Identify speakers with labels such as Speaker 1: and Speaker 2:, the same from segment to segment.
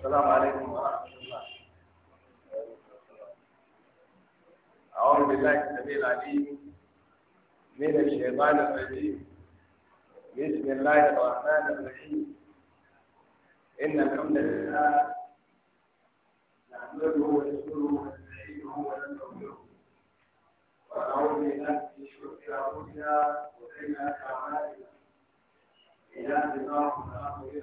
Speaker 1: السلام عليكم ورحمة الله أعوذ بالله السميع العليم من الشيطان الرجيم بسم الله الرحمن الرحيم إن الحمد لله نحمده ونشكره ونستعينه ونستغفره ونعوذ بالله من شرور أنفسنا وسيئات أعمالنا إن يهد الله فلا مضل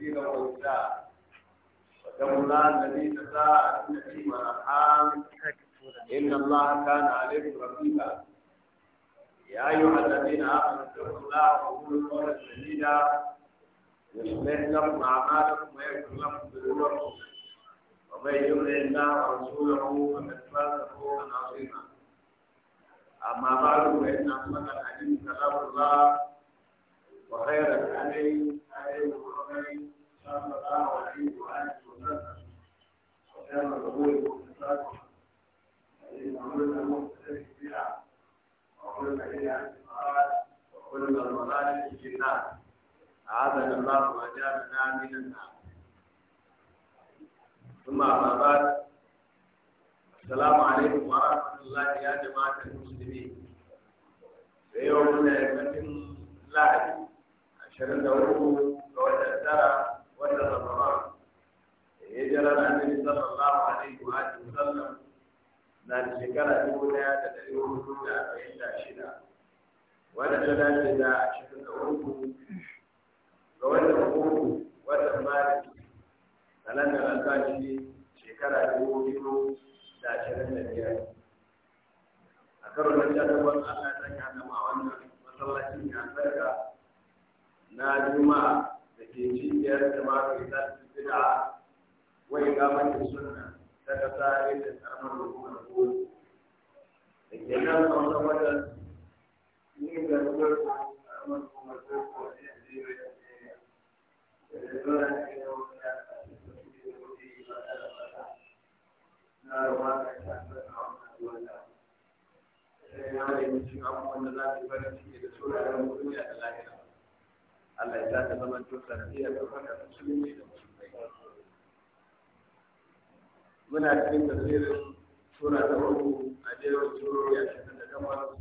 Speaker 1: والمسكين والوزاع وتمنى الذي تساءلون به والارحام ان الله كان عليكم رقيبا يا ايها الذين امنوا اتقوا الله وقولوا قولا سديدا يصلح لكم اعمالكم ويغفر لكم ذنوبكم ومن يطع الله ورسوله فقد فاز فوزا عظيما اما بعد فان اصدق الحديث كلام الله وخير الحديث حديث محمد أما الآن والعيد وآية وزنة وكان الأبوي والإنسان فإن عملنا مختلف بها وعملنا إلى أن تقال وعملنا المظالم في النار أعاذنا الله وأجارنا من النار ثم أما بعد السلام عليكم ورحمة الله يا جماعة المسلمين في يومنا يوم الأحد
Speaker 2: عشرين دورة
Speaker 1: وتأثرت da خير رمضان هجرة النبي صلى الله عليه وآله وسلم na da shekara dubu daya da dari hudu da arba'in da shida wanda ta dace da ashirin da uku ga watan uku watan maris kalandar albashi shekara dubu biyu da ashirin da biyar a karo na sha takwas allah ta kyana ma wannan masallaci ya albarka na juma'a binci biyar da ba ka yi ta tsida a wai gaban da suna ta ka da tsarin rukunan kuma da ke nan a wata ne da ruwa ko tsarin rukunan kuma ko ne a jirgin da ke da zuwa ne wani ya tsari da su ke da wani yi ba ta da fata na ruwa ka yi ta tsarin rukunan kuma da wani ya tsari da ya yi wani yi cikin abubuwan da za su yi bari cikin da su da ya rukunan kuma da lahira. Allah ya sa ta zama to sanadiyar ɗaukaka musulunci da musulmai muna cikin tasirin sura ta uku a jerin suro ya da gabas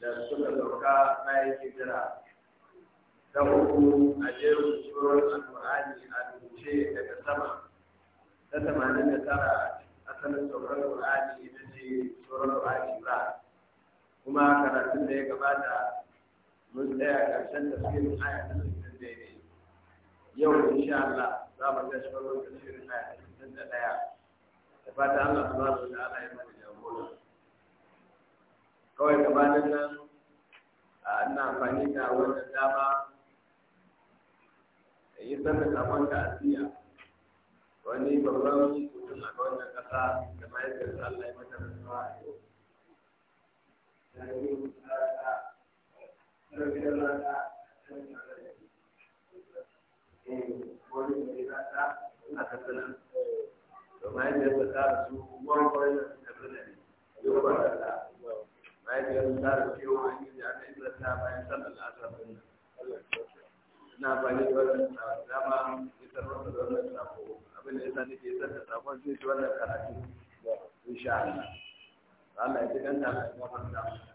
Speaker 1: da suka sauka bayan hijira ta uku a jerin al alƙur'ani a rubuce daga sama ta tamanin da tara asalin sauran alƙur'ani ita ce surar alƙur'ani ba kuma karatun da ya gabata mun tsaya ƙarshen tafsirin aya ta sittin daidai yau insha Allah za mu tashi farkon tafsirin aya ta sittin da ɗaya da fata Allah subhanahu wa ta'ala ya mana jagora kawai gabanin nan ina amfani da wannan dama da yi sanar da wanda asiya wani babban mutum a wannan ƙasa da mahaifiyar Allah ya mata rasuwa a yau. na ba ne wannan dama isar masa da wannan sako da yasa nake Allah ya ji dan da Allah ya gafarta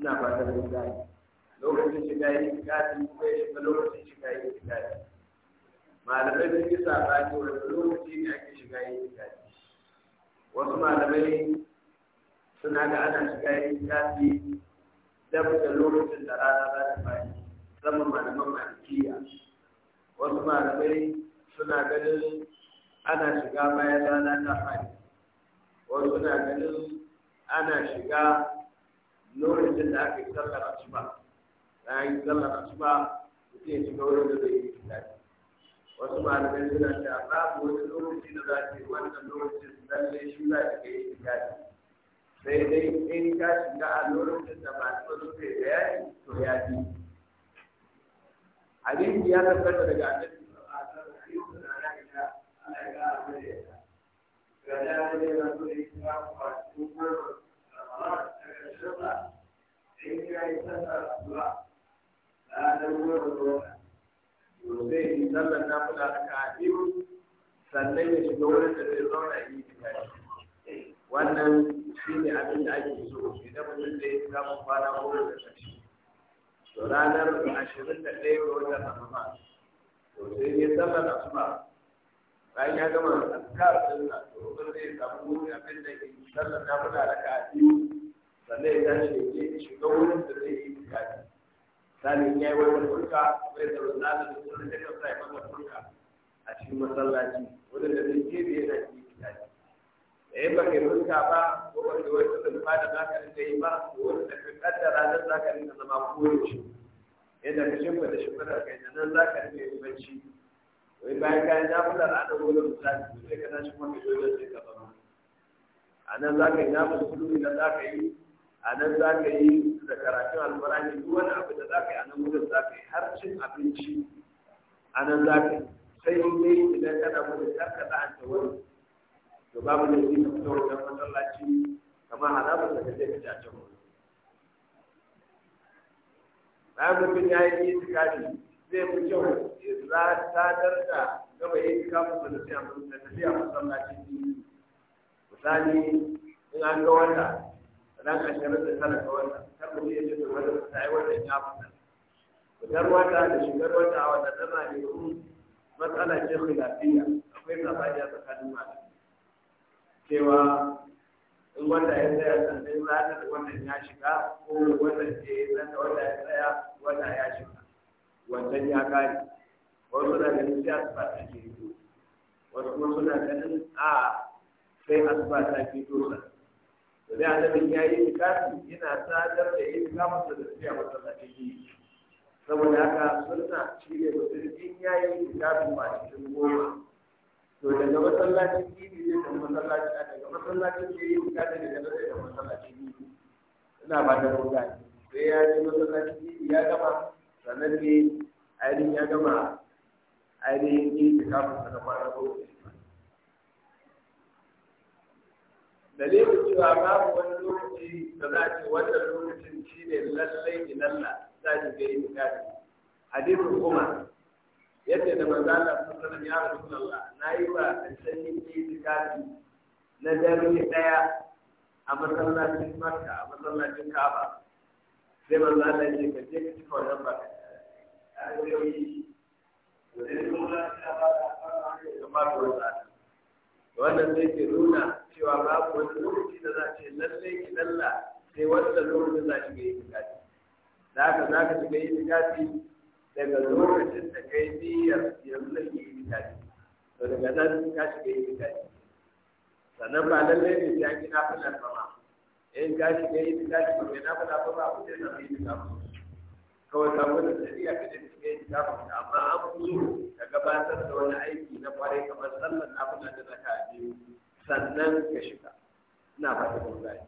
Speaker 1: ina fatan mun gane lokacin shiga yi kafi ko ya shiga lokacin shiga yi yi malamai sun yi sabani wani lokaci ne ake shiga yi yi wasu malamai
Speaker 2: suna ga ana shiga yi
Speaker 1: kafi dab da lokacin da rana za ta fari musamman malaman malikiya wasu malamai suna ganin ana shiga bayan rana ta fari wasu na ganin ana shiga lokacin da aka yi sallar asuba bayan sallar asuba mutum ya shiga wurin da zai yi tunani wasu malamai suna cewa babu wani lokaci da za ta yi wannan lokacin lalle shi za ta yi tunani sai dai in ka shiga a lorin da malamai suka yi bayani to ya fi hadisi ya tabbata daga annabi Gracias. sannan ya shiga wurin da zai zauna yi tafi wannan shi ne abin da ake so idan mutum da ya samu kwana ko da ƙarshe to ranar ashirin da ɗaya ga watan ramadan to sai ya sallar asuba bayan ya gama azkar din nan to zai samu abin da ke sallar na kula da kafiru sannan ya tashi da ke shiga wurin da zai yi fitari sani ya yi wani furka bai da rana da wani da kansa ya maka furka a cikin masallaci wurin da zai kebe yana yi fitari da ya baka yi furka ba ko ba ke wani da ba da za ka rinka yi ba ko wani da ka kaddara nan za ka rinka zama koyaushe yadda ka shimfa da shimfa da kai nan za ka rinka yi bacci wai bayan kayan nafular ana wani misali sai ka tashi kuma ka zo da sai ka zama
Speaker 2: a nan za ka yi nafular
Speaker 1: kudu idan za ka yi a nan za ka yi da karatun alfarani duk wani abu da za ka yi a nan wurin za ka yi har cin abinci a nan za ka yi sai in ne idan kana gudun kar ka la'anta wani to babu ne yi na fito wajen matsalaci kamar halabu da ka zai ka a can wani bayan mutum ya yi tukari zai fi kyau ya ta darta gaba yin kafin da tafiya masallaci misali in an ga wanda. sannan ashirin da tara ga wata kar mu iya jin wani ta yi wannan ya fita fitar wata da shigar wata a wata tana ne matsala ce khilafiyya akwai sabani a tsakanin malamai cewa in wanda ya tsaya sannan ranar wannan ya shiga ko wannan ke nan wanda ya tsaya wanda ya shiga wannan ya kare wasu na ganin sai asuba ta ke fito wasu kuma suna ganin a sai asuba ta ke sa da annabin ya yi itikafi yana sadar da itikafinsa da tafiya masallacin yi saboda haka sunna shi ne mutum in ya yi itikafi ba cikin goma to daga masallacin yi ne da masallacin a daga masallacin yi yi itikafi daga nan da masallacin yi ina ba da ne sai ya yi masallacin yi ya gama sannan ne ainihin ya gama ainihin itikafinsa na kwana goma dalilin cewa babu wani lokaci da za ce wannan lokacin shi ne lallai ilalla za ki ga yin kafin hadisin kuma yadda da manzo Allah sallallahu ya rasulullah nayi ba sanin itikafi na dare daya a masallacin Makka a masallacin Kaaba sai manzo Allah ya ce ka je ka cika wannan ba wannan zai ke nuna cewa babu wani lokaci da za a ce lallai ki lalla sai wannan lokacin za ki ga itikafi da haka za ka shiga itikafi daga lokacin da kai niyyar yanzu da ke itikafi to daga nan ka shiga itikafi sannan ba lallai ne sai an gina filar ba ma in ka shiga itikafi ba mai na filar ba ba ku ce na mai itikafi kawai ka wani shari'a ka jin cikin littafin ka amma an fi ka gabatar da wani aiki na kwarai kamar sallar abin da zaka biyu sannan ka shiga na ba ta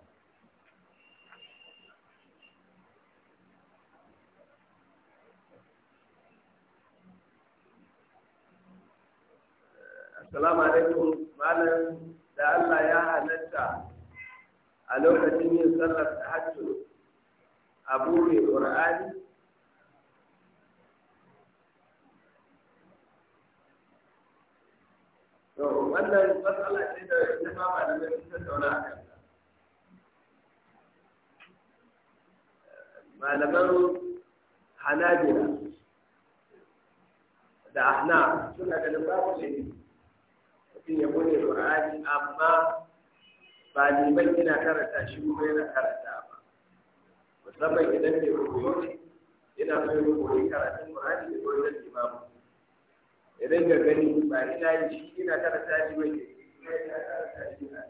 Speaker 1: Assalamu alaikum malam da Allah ya halatta a lokacin yin sallar tahajjud a buɗe Qur'ani To wannan matsala ce da ita ma malamai sun tattauna a kan Malaman Hanabila da Ahna suna ganin babu laifi. Mutum ya bude Qur'ani amma ba liman yana karanta shi kuma yana karanta ba. Musamman idan bai rubuwa ne yana so ya rubuwa karatun Qur'ani da wajen limamu. ya dinga gani ba ina yi shi ina karanta shi mai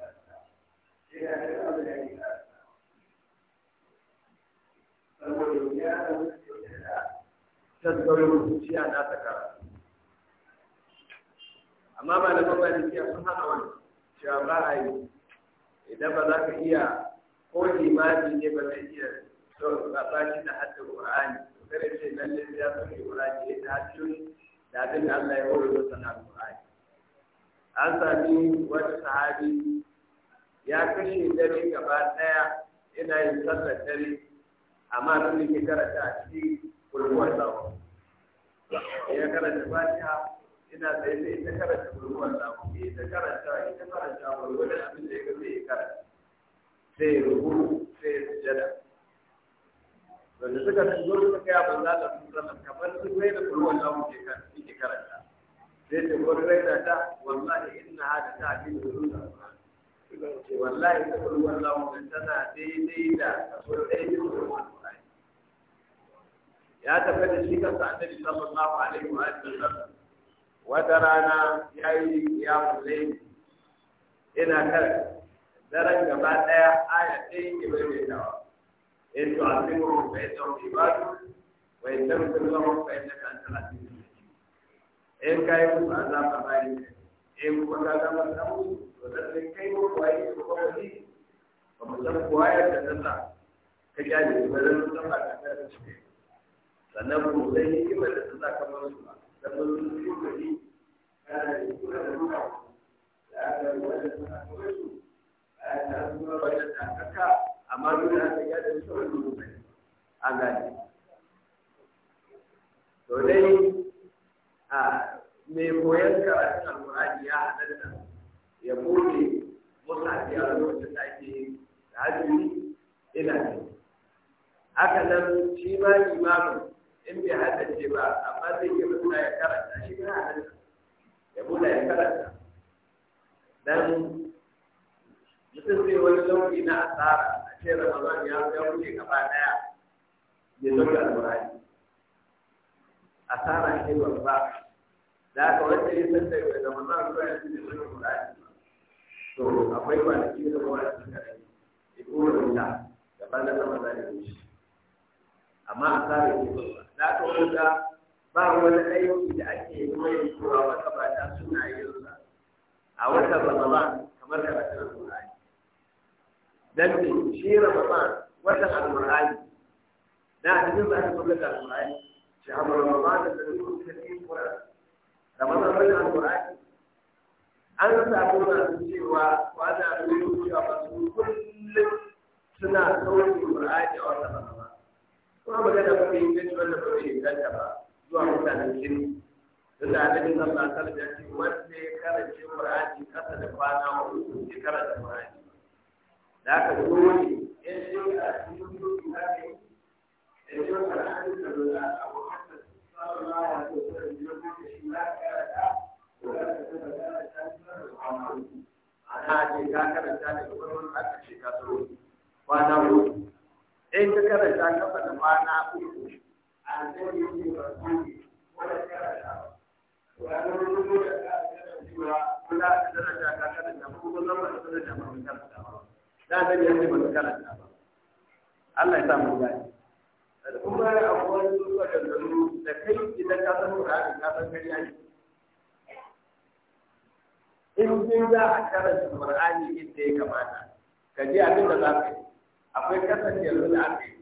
Speaker 1: tasgarin zuciya na ta karatu amma ba da mabalikiya sun hana wani cewa ba a yi idan ba za ka iya ko limami ne ba zai iya so ba shi da hatta ƙur'ani to kare ce lallai ya ta hajjoyi da abin da Allah ya hore masa na Al-Qur'ani an sami wani sahabi ya kashe dare gaba daya ina yin sallar dare amma sun da ke karanta a cikin kulkuwar zawo ya karanta fatiha ina tsaye sai ta karanta kulkuwar zawo ya ta karanta ita karanta wani abin da ya gaza ya karanta sai rubu sai sujada wanda suka san zo suka kai abin da Allah sun zama kamar su kai da kurwan da ke karanta sai ta ko kai da ta wallahi inna hada ta abin da zuwa wallahi ta kurwan da muke tana daidai da kaso ɗaya da kurwan ya tafi da shi kansa annabi sallallahu a cikin sallam wata rana ya yi ya laili ina kar daren gaba ɗaya aya ɗaya ke bai mai dawa eto asemo eto ibadu wa intem tulamo pende kantala en kai ku ala pabai en ku kada da matamu to da le kai ku wai ku ko di ko mata ku aya da tata ka jani da ran ta ba ta da shi sanan ku zai yi kima da tata kamar su da mun su ku di kada ku kula da ku da ku wani ta ta ku ta amma duk da aka gada da sauran rubuta an gane to dai a mai koyon karatun alƙur'ani ya halatta ya bude musafi a lokacin da ake hajji ina ne haka nan shi ma imamu in bai haddace ba amma zai ke mutu ya karanta shi ma halatta ya bude ya karanta dan mutum zai wani lauki na asara sai ramadan ya ya wuce gaba daya ya zama alƙur'ani asara ce babba da aka wanda ya san da ramadan zuwa yanzu bai zama alƙur'ani to akwai kwanaki da kuma da suka rage ya kura wuta da banda ramadan ya wuce amma asara ce babba da aka wanda ba wani aiki da ake yi yi kowa wata ba ta suna yin sa a watan ramadan kamar karatun dan ne shi ramadan wata alqur'ani da cikin da aka kulla alqur'ani shi amma ramadan da duk da cikin qur'ani ramadan da alqur'ani an samu na cewa wani da ne masu kullum suna kawai qur'ani a wannan ramadan kuma da ba yin gaji wannan ba da ta ba zuwa mutanen kiri da annabi da alaihi wasallam da ce wanda ya karance qur'ani kasa da kwana uku ya karanta qur'ani da aka zo wani yan shi a cikin duk da ne yan shi a cikin da da abu hasan sallallahu alaihi wasallam ya ce shi karata. kara da ko da ta da ta A na ce ka karanta da wani aka ce ka zo kwana uku in ka karanta ka fada kwana uku A zai yi ba ku wala karanta wala rubuta ka karanta ko da daraja ka karanta ko zama da daraja ba mun karanta ba da annabi ya ce ba su karanta ba Allah ya sa mu da kai idan ka san Qur'ani ka san kariya ne in dai za a karanta Qur'ani inda ya kamata ka je abin da za ka yi akwai kasance yanzu da aka yi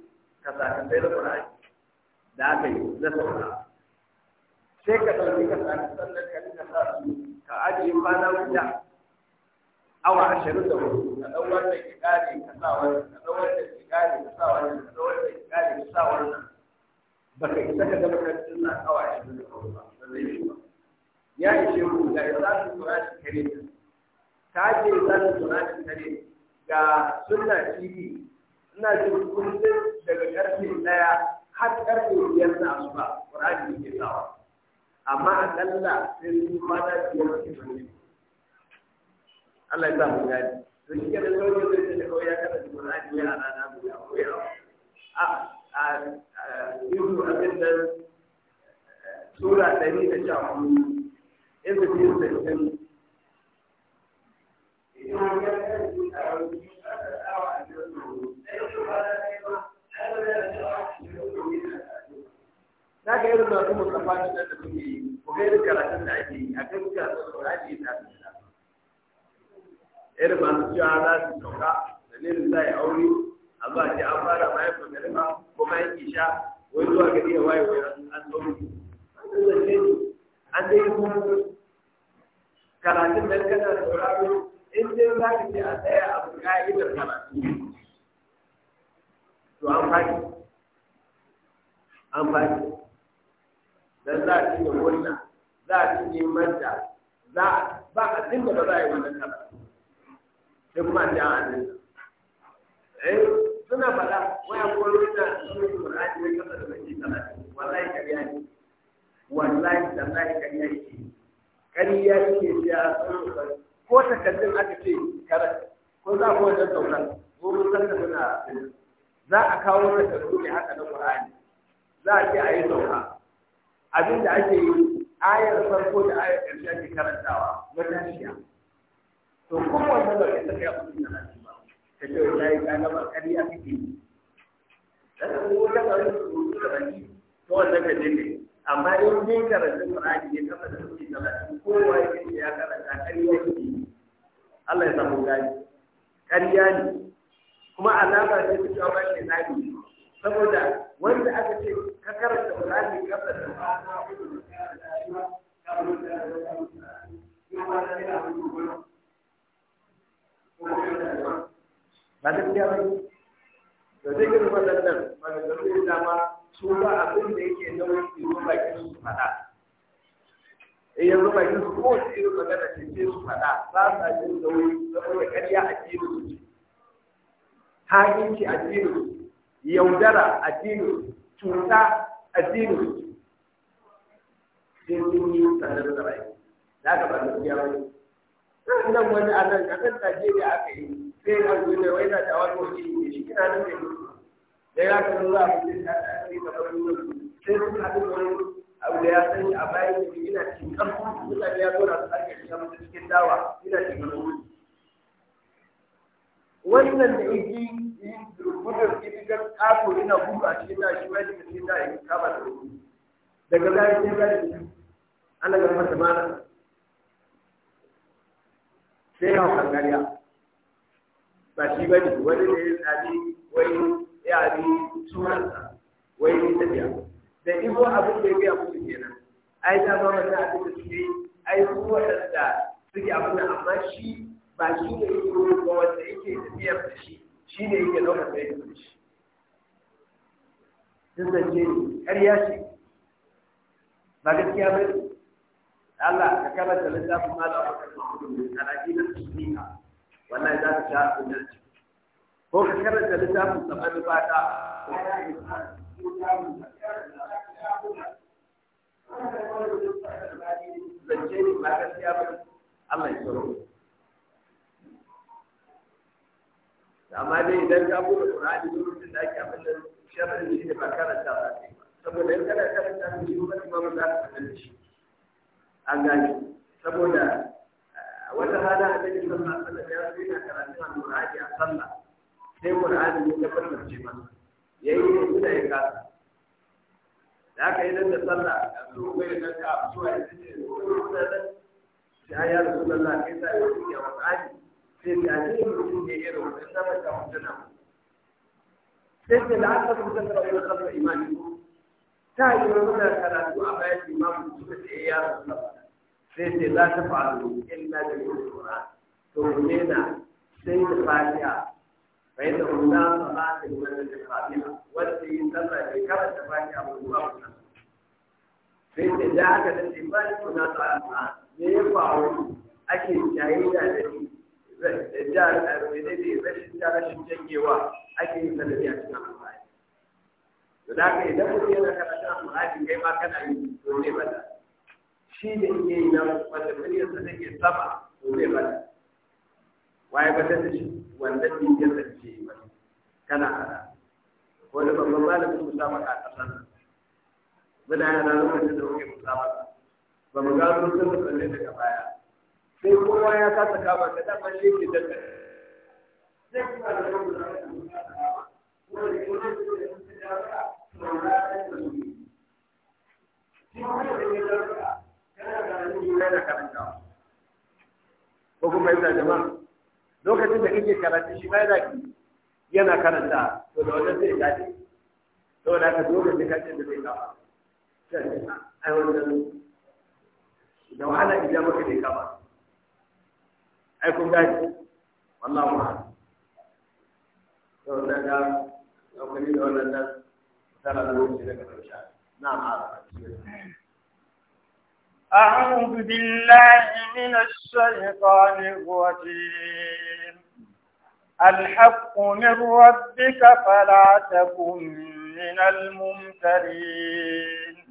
Speaker 1: kasakatai da Qur'ani da aka yi na sai ka ɗauki kasakatai da ka sa su ka ajiye kwana guda awa ashirin da hudu ka ɗau wannan ki ƙare ka sa wannan ka ɗau wannan ki ƙare ka sa wannan ka ɗau wannan ki ƙare ka sa wannan baka isa ka zama kan sunna awa ashirin da hudu ba ba zai yi ba ya ishe ku ga tura qur'ani kare ta. ka ce tura qur'ani kare ga sunna tv ina jin kullum daga karfe ɗaya har karfe biyar na asuba qur'ani ke sawa amma akalla sai sun kwana biyar ke Allah ya sa mu gani to shi kenan kawai zai ce kawai ya kada jikin aji ya ana na mu ya koyi a a yuhu abin nan sura ɗari da sha hudu in da biyu da ɗari na ga irin masu musamman da suke ko kai karatun da ake yi a kan karatun da ake yi irin masu ciwa za su sauka dalilin za yi aure a ba ce an fara bayan fagarima kuma bayan isha wai zuwa ga ya waye wai an tsoro an zance an dai yi kuma karatun nan kana da sauraro in dai za ka ce a tsaya a ka'idar karatu to an fadi an fadi dan za a cinye wannan za a cinye manta za ba a dinga ba za a yi wannan karatu sai kuma an jawo annabi eh suna faɗa waya ko runa suna Qur'ani ne kasa da baki talatin wallahi kariya ne wallahi tallahi kariya yake kariya yake ya ko takaddun aka ce karanta ko za ku wajen zauna, ko mun san da muna za a kawo takardu ne haka na Qur'ani za a ce a yi sauka abinda ake yi ayar farko da ayar ƙarshe ake karantawa
Speaker 2: matashiya to kowanne da
Speaker 1: ya saka ya mutum yana ba ta ce wata yi ta gaba kari a fiti dan ko ta ga rubutu da baki to wanda ka je ne amma in dai karatun Qur'ani ne kafa da suke talatin kowa yake ya karanta kari ya fiti Allah ya samu gani ne kuma alama ce ta cewa ba shi tsari saboda wanda
Speaker 3: aka ce ka karanta Qur'ani
Speaker 1: kafa da ba ka karanta ba ka karanta ba ba gaskiya ba da zai gina gani waɗannan maganganu da dama su ba abin da yake nauyin iro bakin su faɗa in eh, yanzu bakin su ko su irin magana ce ce su faɗa ba sa jin nauyi saboda ƙarya a jiru hakinci a jiru yaudara a jiru cuta a jiru sai sun yi sanar da rai da ka ba da gaskiya wani. nan wani a nan kasar Najeriya aka yi sai ya zo ne wai na da wani wani ne shi kina nan da yau da ya ka zuwa a cikin da aka yi kamar yau sai sun haɗu wani abu da ya sani a bayan da yana cikin ƙarfi mutane ya zo su ake shiga musu cikin dawa ina cikin ƙarfi wannan da yake yi gudun gidigar ƙato yana gudu a cikin da shi wani da cikin da ya kama da wani daga bayan sai bayan ana ga masa mana sai yawan kankariya ba shi ba ne wani da ya tsari wai ya bi sunansa wai ni tafiya da ibo abin da ya biya musu kenan ai ta zama da abin da ne ai waɗanda suke abin da amma shi ba shi ne yake wuri ba wanda yake tafiyar da shi shi ne yake lokacin da yake da shi sun zance ne ƙarya ce ba gaskiya ba ne Allah ka karanta littafin Malam Abubakar Mahmud bin Alaji na Sunniha wallahi za ka sha abin nan ko ka karanta littafin Sabani Bada zance ne ba gaskiya ba Allah ya tsoro amma dai idan ka buɗe Qur'ani lokacin da ake abin nan sharri ne ba karanta ba saboda in kana karanta shi ba ba za ka fahimci an saboda wata rana a cikin sallah sallah ya zo yana karatun alƙur'ani a sallah sai qur'ani ya tabbatar ce masa yayi ne da ya kasa da aka yi da sallah da su bai da ka zuwa ya da sai ya rasulullah kai sai ya yi qur'ani sai ya ce mutum ne irin wannan da ka mutuna sai da aka mutunta da wannan imani ta yi mana karatu a bayan limamin suka ce eh, ya rasu sai sai za ta faru illa da yin tura to ne na sai ta fatiha bai da kuma salata da wannan da fatiha wanda yin sallah bai ta fatiha ba ba wannan sai ce da aka da ce ba ni kuna salata ne ya faru ake jayayya da ni da jihar da rashin rashin jangewa ake yin sanadi a cikin to da haka idan mutum yana karatu alƙur'ani kai ma kana yi to ba da. shi ne in yi na wanda muryarsa take sama to ba da. waye ba da shi wanda ke da ce ba kana hada wani babban malamin sama a ƙasar nan muna yana lokacin da mu sama. ba mu gano sun da tsalle daga baya sai kowa ya kasa kama ka da ban shi da ta zai kuma da wani musabaka ko da kuma da ko kuma yana jama'a lokacin da kake karatu shi ma yana ki yana karanta to da wannan sai dace to da ka zo da kace da sai ka ai wannan da wahala idan muka dai ka ai kun gani wallahi ma to da ka lokacin da wannan
Speaker 3: أعوذ بالله من الشيطان الرجيم الحق من ربك فلا تكن من الممترين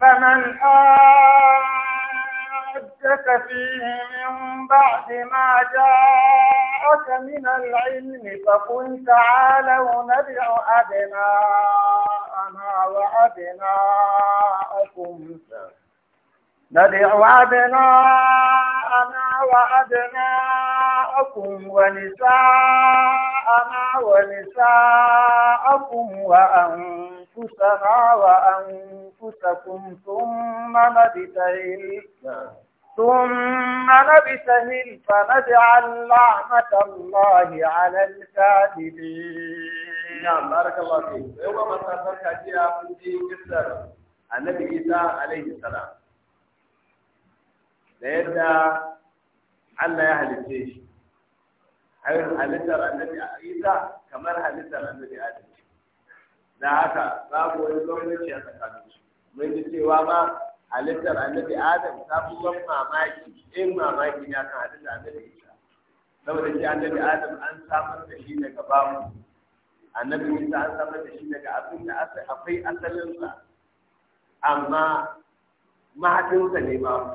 Speaker 3: فمن آمن حجك فيه من بعد ما جاءك من العلم فقل تعالوا ندع أبناءنا وأبناءكم ندع أبناءنا
Speaker 2: وأبناءكم
Speaker 3: ونساءنا ونساءكم وأنفسنا وأنفسكم ثم نبتهل ثم نبتهل فنزع اللعنة الله على الكاذبين نعم بارك الله فيك يوم ما تذكرت جاء في كسر
Speaker 1: النبي عيسى عليه السلام لأن الله يهلك شيء har halittar annabi a isa kamar halittar annabi adam da haka babu wani gwamnati a tsakanin su mun ji cewa halittar annabi adam ta fi son mamaki in mamaki na kan halittar annabi isa saboda shi annabi adam an samar da shi daga bamu annabi isa an samar da shi daga abin da akwai asalinsa amma mahaifinsa ne babu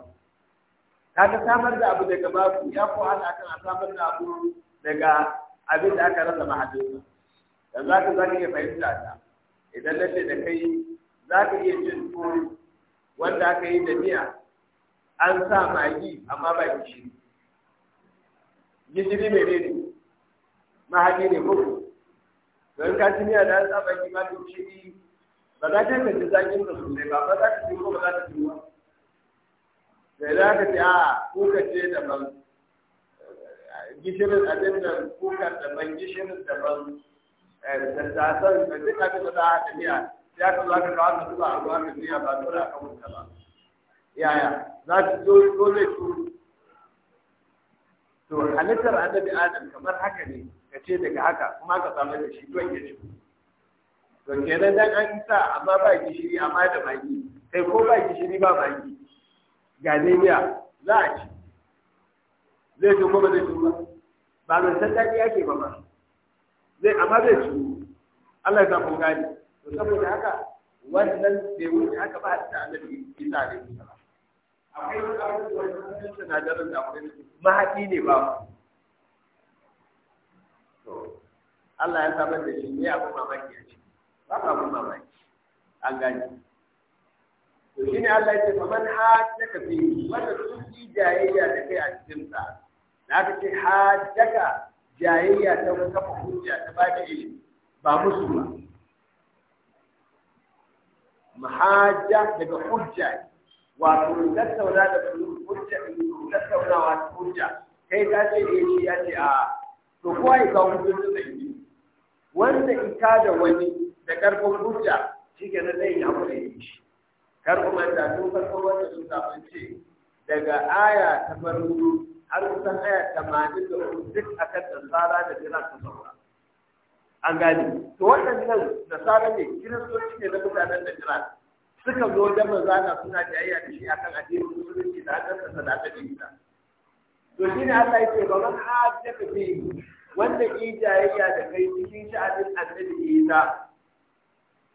Speaker 1: ta samar da abu daga bamu ya ko hana akan a samar da abu daga abin da aka rasa za dan za ka iya fahimta ta idan ce da kai za ka iya jin tsoro wanda aka yi da miya an sa magi amma ba gishiri gishiri mai ne mahaɗi ne ko don ka ci miya da an sa magi ba gishiri ba za ka yi zaƙin da sosai ba ba za ka ci ko ba za eh, eh, ta ci ba sai za ka ci a kuka ce ban gishirin abin da kukar daban gishirin da da tattasan da duk abin da za a tafiya ya ka zo aka kawo ka zuba a ruwa ka biya ba dole a kan wuta ba yaya
Speaker 3: za ta zo ko zai turu
Speaker 2: to halittar
Speaker 1: annabi adam kamar haka ne ka ce daga haka kuma ka samu da shi don ya ci to kenan dan an sa amma ba gishiri amma da magi kai ko ba gishiri ba magi ga miya za a ci zai ci kuma zai ci ba ba mai san daɗi yake ba ma zai amma zai ci Allah ya sa gani. to saboda haka wannan bai wuce haka ba a cikin annabi isa alaihi salam akwai wasu abubuwan sinadarin da akwai mahaɗi ne ba to Allah ya samar da shi ne abu mamaki a ciki ba abu mamaki an gani to ne Allah ya ce fa man hajjaka fi wanda sun yi jayayya da kai a cikin sa da aka ce hajjaka jayayya ta kafa hujja ta ba da ilimi ba musu ba mahajja daga hujja wato tattauna da hujja tattaunawa wa hujja kai ka ce ne eh, shi ya ce a to kuwa ya kawo hujjoji da yi wanda ita da wani da karfin hujja shi ke na zai yi abu da yi shi karfin manta sun farko wanda sun zafin ce daga aya ta farko har kusan aya tamanin da duk akan tsara da jira ta saura an gane to waɗannan nasara ne kiristoci ne na mutanen da jiran suka zo da manzana suna jayayya da shi akan addinin musulunci da an dasa da ta dinka
Speaker 2: to shi ne Allah yake
Speaker 1: ba da hajjaka yi wanda ke jayayya da kai cikin sha'anin annabi Isa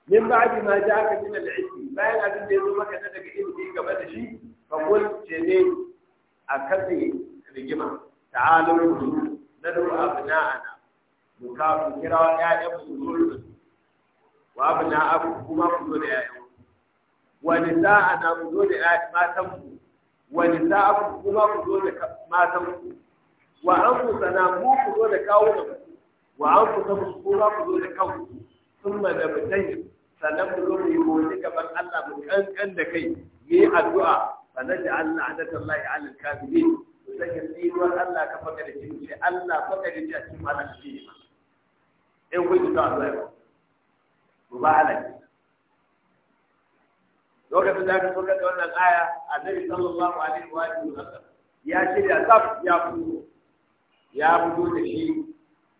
Speaker 1: min ba'di ma ja'aka min al-ilmi bayan abin da yazo maka na daga ilimi gaba da shi fa kul ce ne a kace rigima ta'alu nadu abna'ana duka ku kira ƴaƴan ku zulmi wa abna abu kuma ku zo da ƴaƴan wa nisa'a na ku zo da matan ku wa nisa'aku kuma ku zo da matan ku wa na mu ku zo da kawo da ku wa anfusakum kuma ku zo da kanku da nabtahi sannan ku zo mu yi gobe gaban Allah mu kankan da kai yi addu'a sannan da Allah adatallahi alal kafirin ku sanya tsiruwar Allah ka faɗa da shi Allah faɗa da shi a cikin malam ewu ìdúná àlọ́ ẹ̀kọ́ bùbá alẹ̀. Lokacin da aka soka da wannan aya, Annabi sallallahu alaihi wa sallam ya shirya tsaf ya fito. Ya fito da shi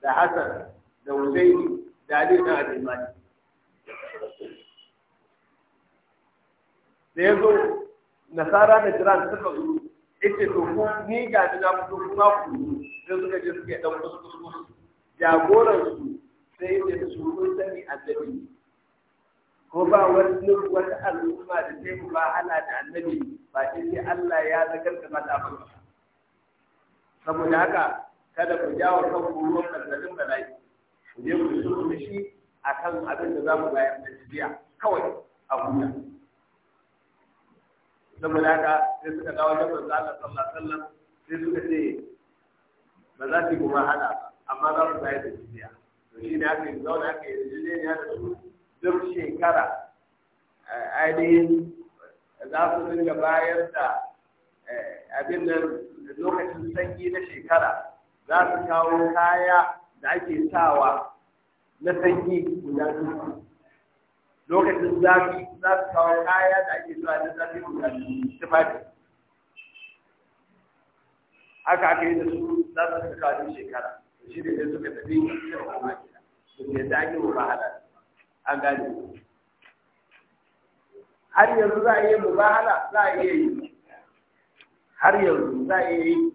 Speaker 1: da Hassan da Husaini da Ali na Abi Malik. Da ya zo nasara da jiran suka zo ita to ni ga na fito kuma ku sai suka je suka dan wasu kuskure jagoran su sai da su kun sani annabi ko ba wani wata al'umma da sai mu ba hala da annabi ba sai Allah ya zakar da mata saboda haka kada ku jawo kan ruwan kasarin bala'i ku je ku su da shi kan abin da za mu bayar da jiya kawai a huta saboda haka sai suka dawo da manzo Allah sallallahu alaihi wasallam sai suka ce ba za su yi kuma hada amma za mu bayar da jiya to shi ne aka zaune ake yi rijiyar da su duk shekara eh, ainihin za su dinga bayar da eh, abin da lokacin sanyi na shekara za su kawo kaya da ake sawa na sanyi guda dubu lokacin zafi za su kawo kaya da ake sawa na zafi guda tufafi haka aka yi da su za su kawo shekara shi ne da suka tafi da kuma da ta ake mubahala an gane har yanzu za a iya mubahala za a iya yi har yanzu za a iya yi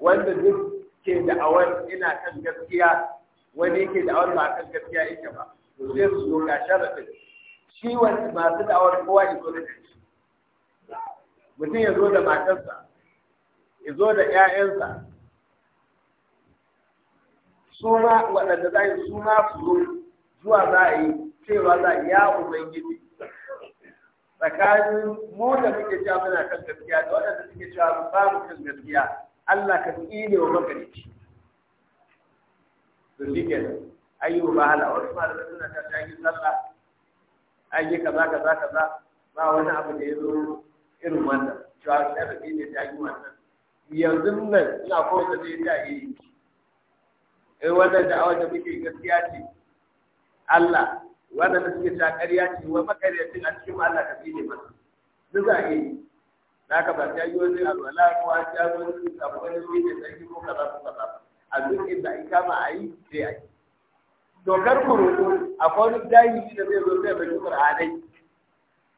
Speaker 1: wanda duk ke da awar ina kan gaskiya wani yake da awar ba kan gaskiya yake ba to sai su zo ga sharafin shi wani masu da awar kowa ya zo da shi mutum ya zo da matarsa ya zo da 'ya'yansa suna waɗanda za yi suna su zuwa za a yi cewa za a ya ubangiji tsakanin mu da muke cewa muna kan gaskiya da waɗanda suke cewa ba mu kan gaskiya Allah ka tsine wa magarici to shi kenan ayyuka ba hala wasu ma da suna ta yi sallah an yi kaza kaza kaza ba wani abu da ya zo irin wannan cewa sai da ne ta yi wannan yanzu nan ina kowace zai ta yi In eh, wannan da'awar da muke gaskiya ce Allah wannan da suke shakariya ce wai makaryacin a cikin Allah ka fi ne ba duk za a yi na ka ba ta yi wani alwala ko a ta wani abu wani shi ne sarki ko kaza ko kaza a duk inda in kama a yi sai a yi dokar kurutu akwai wani jahili da zai zo sai bai dai.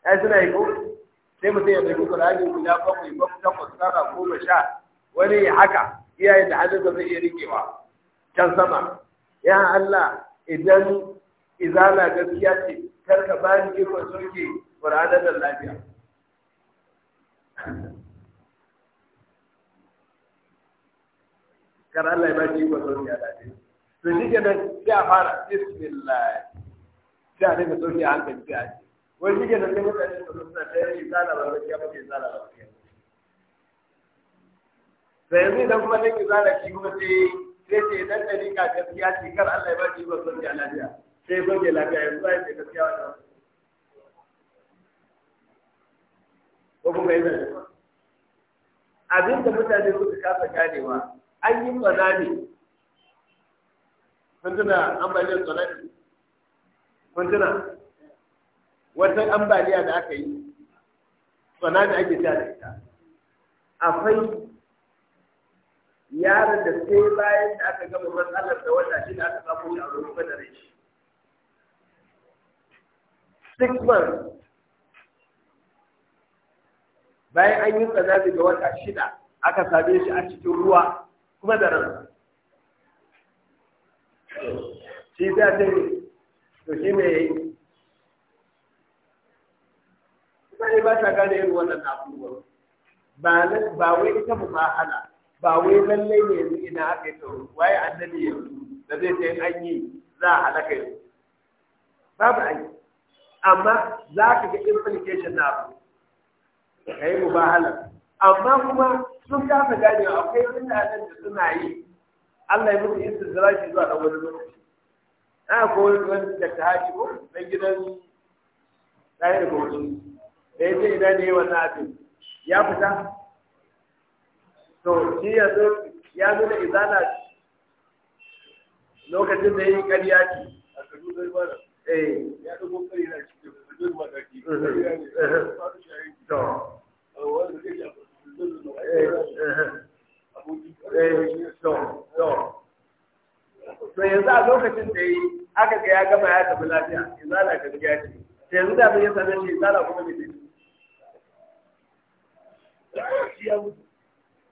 Speaker 1: ai suna yi ko sai mutum ya bai qur'ani guda bakwai bakwai takwas tara goma sha wani ya haka iyayen da hannun zai iya rikewa can sama ya Allah idan izala gaskiya ce kar ka bani ikon soke ƙur'anar da lafiya kar Allah ya ba shi ikon soke a lafiya to shi kenan sai a fara bismillah sai a daga soke a hankali sai a ce wai shi kenan sai mutane su rusa ta yi izala ba gaskiya ba ke izala ba gaskiya sai yanzu idan kuma sai izala shi kuma sai sai ce dan dari ka gaskiya ce kar Allah ya ba shi ban sauke lafiya sai sauke lafiya yanzu ai ce gaskiya wannan ko kuma yanzu abin da mutane suka kasa ganewa an yi tsana ne kun tuna ambaliyar tsana kun tuna wata ambaliya da aka yi tsanani ake sha da ita akwai yaron da sai bayan da aka gama matsalar da wata shi da aka samu shi kuma da rashi. six months bayan an yi tsada daga wata shida aka same shi a cikin ruwa kuma da ran shi za ta yi. to shi me yayi ba ne ba ta gane irin wannan abubuwan? ba wai ita mu ba hana ba wai lallai ne yanzu ina aka yi tsoro waye annabi yanzu da zai sai an yi za a halaka yanzu babu an yi amma za ka ga implication na abu ka yi mubahala amma kuma sun kasa gane akwai mutanen da suna yi Allah ya musu shi zuwa ɗan wani lokaci na ko wani da ta haji ko na gidan tsaye da gobe da ya ce idan ne wannan abin ya fita to shi yanzu ya nuna izana lokacin da ya yi ƙarya ce eh. a mhm. mhm. ya na to eh. mhm. ya eh. yanzu a lokacin da yi aka ga ya gama ya tafi lafiya izala ya ce yanzu da mun yi sanar shi kuma mai shi ya mutu